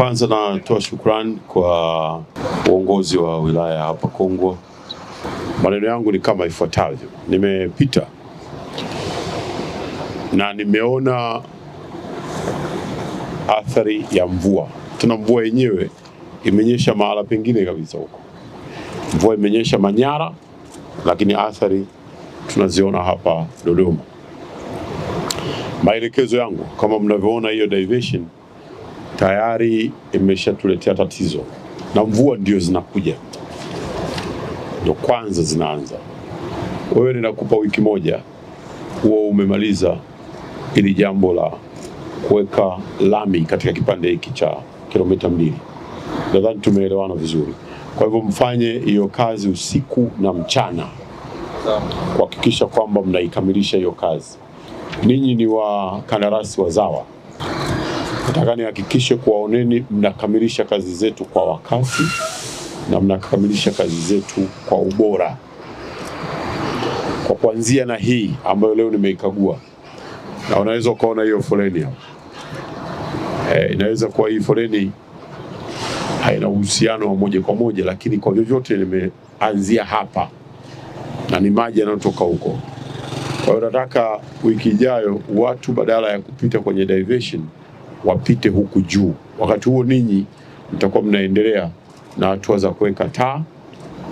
Kwanza natoa shukrani kwa uongozi wa wilaya hapa Kongwa. Maneno yangu ni kama ifuatavyo: nimepita na nimeona athari ya mvua. Tuna mvua yenyewe imenyesha mahala pengine kabisa huko, mvua imenyesha Manyara, lakini athari tunaziona hapa Dodoma. Maelekezo yangu kama mnavyoona, hiyo diversion tayari imeshatuletea tatizo, na mvua ndio zinakuja, ndio kwanza zinaanza. Wewe ninakupa wiki moja huo umemaliza ili jambo la kuweka lami katika kipande hiki cha kilomita mbili. Nadhani tumeelewana vizuri. Kwa hivyo mfanye hiyo kazi usiku na mchana kuhakikisha kwamba mnaikamilisha hiyo kazi. Ninyi ni wakandarasi wazawa nataka nihakikishe kuwaoneni mnakamilisha kazi zetu kwa wakati na mnakamilisha kazi zetu kwa ubora, kwa kuanzia na hii ambayo leo nimeikagua, na unaweza ukaona hiyo foleni hapo. E, inaweza kuwa hii foleni haina uhusiano wa moja kwa moja, lakini kwa vyovyote nimeanzia hapa na ni maji yanayotoka huko. Kwa hiyo nataka wiki ijayo watu badala ya kupita kwenye diversion wapite huku juu. Wakati huo ninyi mtakuwa mnaendelea na hatua za kuweka taa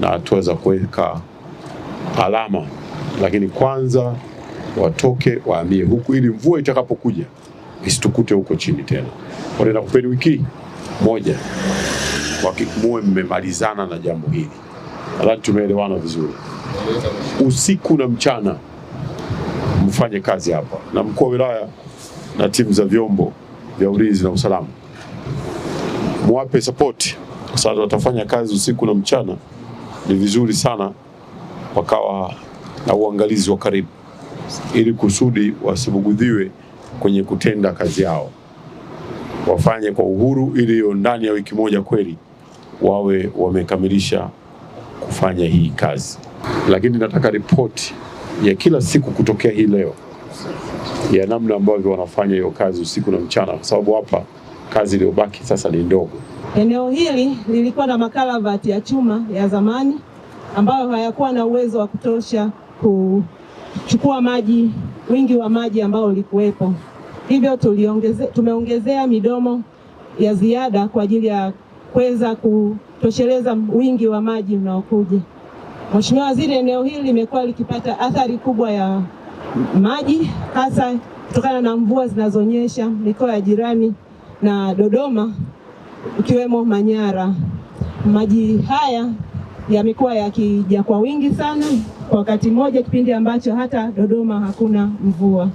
na hatua za kuweka alama, lakini kwanza watoke waamie huku, ili mvua itakapokuja isitukute huko chini tena. Wanaenda kupeni wiki moja muwe mmemalizana na jambo hili. Nadhani tumeelewana vizuri. Usiku na mchana mfanye kazi hapa, na mkuu wa wilaya na timu za vyombo vya ulinzi na usalama, mwape sapoti kwa sababu watafanya kazi usiku na mchana. Ni vizuri sana wakawa na uangalizi wa karibu, ili kusudi wasibugudhiwe kwenye kutenda kazi yao. Wafanye kwa uhuru, ili ndani ya wiki moja kweli wawe wamekamilisha kufanya hii kazi. Lakini nataka ripoti ya kila siku kutokea hii leo ya namna ambavyo wanafanya hiyo kazi usiku na mchana, kwa sababu hapa kazi iliyobaki sasa ni ndogo. Eneo hili lilikuwa na makalavati ya chuma ya zamani ambayo hayakuwa na uwezo wa kutosha kuchukua maji, wingi wa maji ambao ulikuwepo, hivyo tuliongeze, tumeongezea midomo ya ziada kwa ajili ya kuweza kutosheleza wingi wa maji unaokuja. Mheshimiwa Waziri, eneo hili limekuwa likipata athari kubwa ya maji hasa kutokana na mvua zinazonyesha mikoa ya jirani na Dodoma ikiwemo Manyara. Maji haya yamekuwa yakija kwa wingi sana kwa wakati mmoja, kipindi ambacho hata Dodoma hakuna mvua.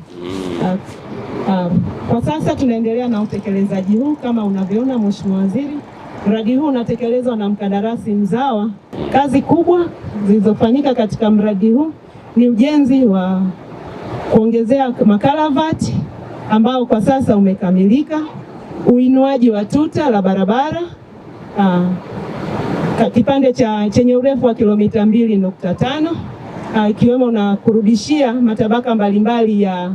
Uh, kwa sasa tunaendelea na utekelezaji huu kama unavyoona Mheshimiwa Waziri, mradi huu unatekelezwa na mkandarasi mzawa. Kazi kubwa zilizofanyika katika mradi huu ni ujenzi wa kuongezea makaravati ambao kwa sasa umekamilika, uinuaji wa tuta la barabara aa, ah, kipande cha chenye urefu wa kilomita mbili nukta tano ah, ikiwemo na kurudishia matabaka mbalimbali ya,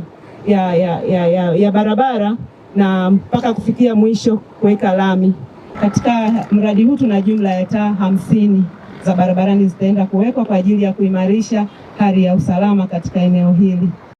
ya, ya, ya, ya, ya barabara na mpaka kufikia mwisho kuweka lami. Katika mradi huu tuna jumla ya taa hamsini za barabarani zitaenda kuwekwa kwa ajili ya kuimarisha hali ya usalama katika eneo hili.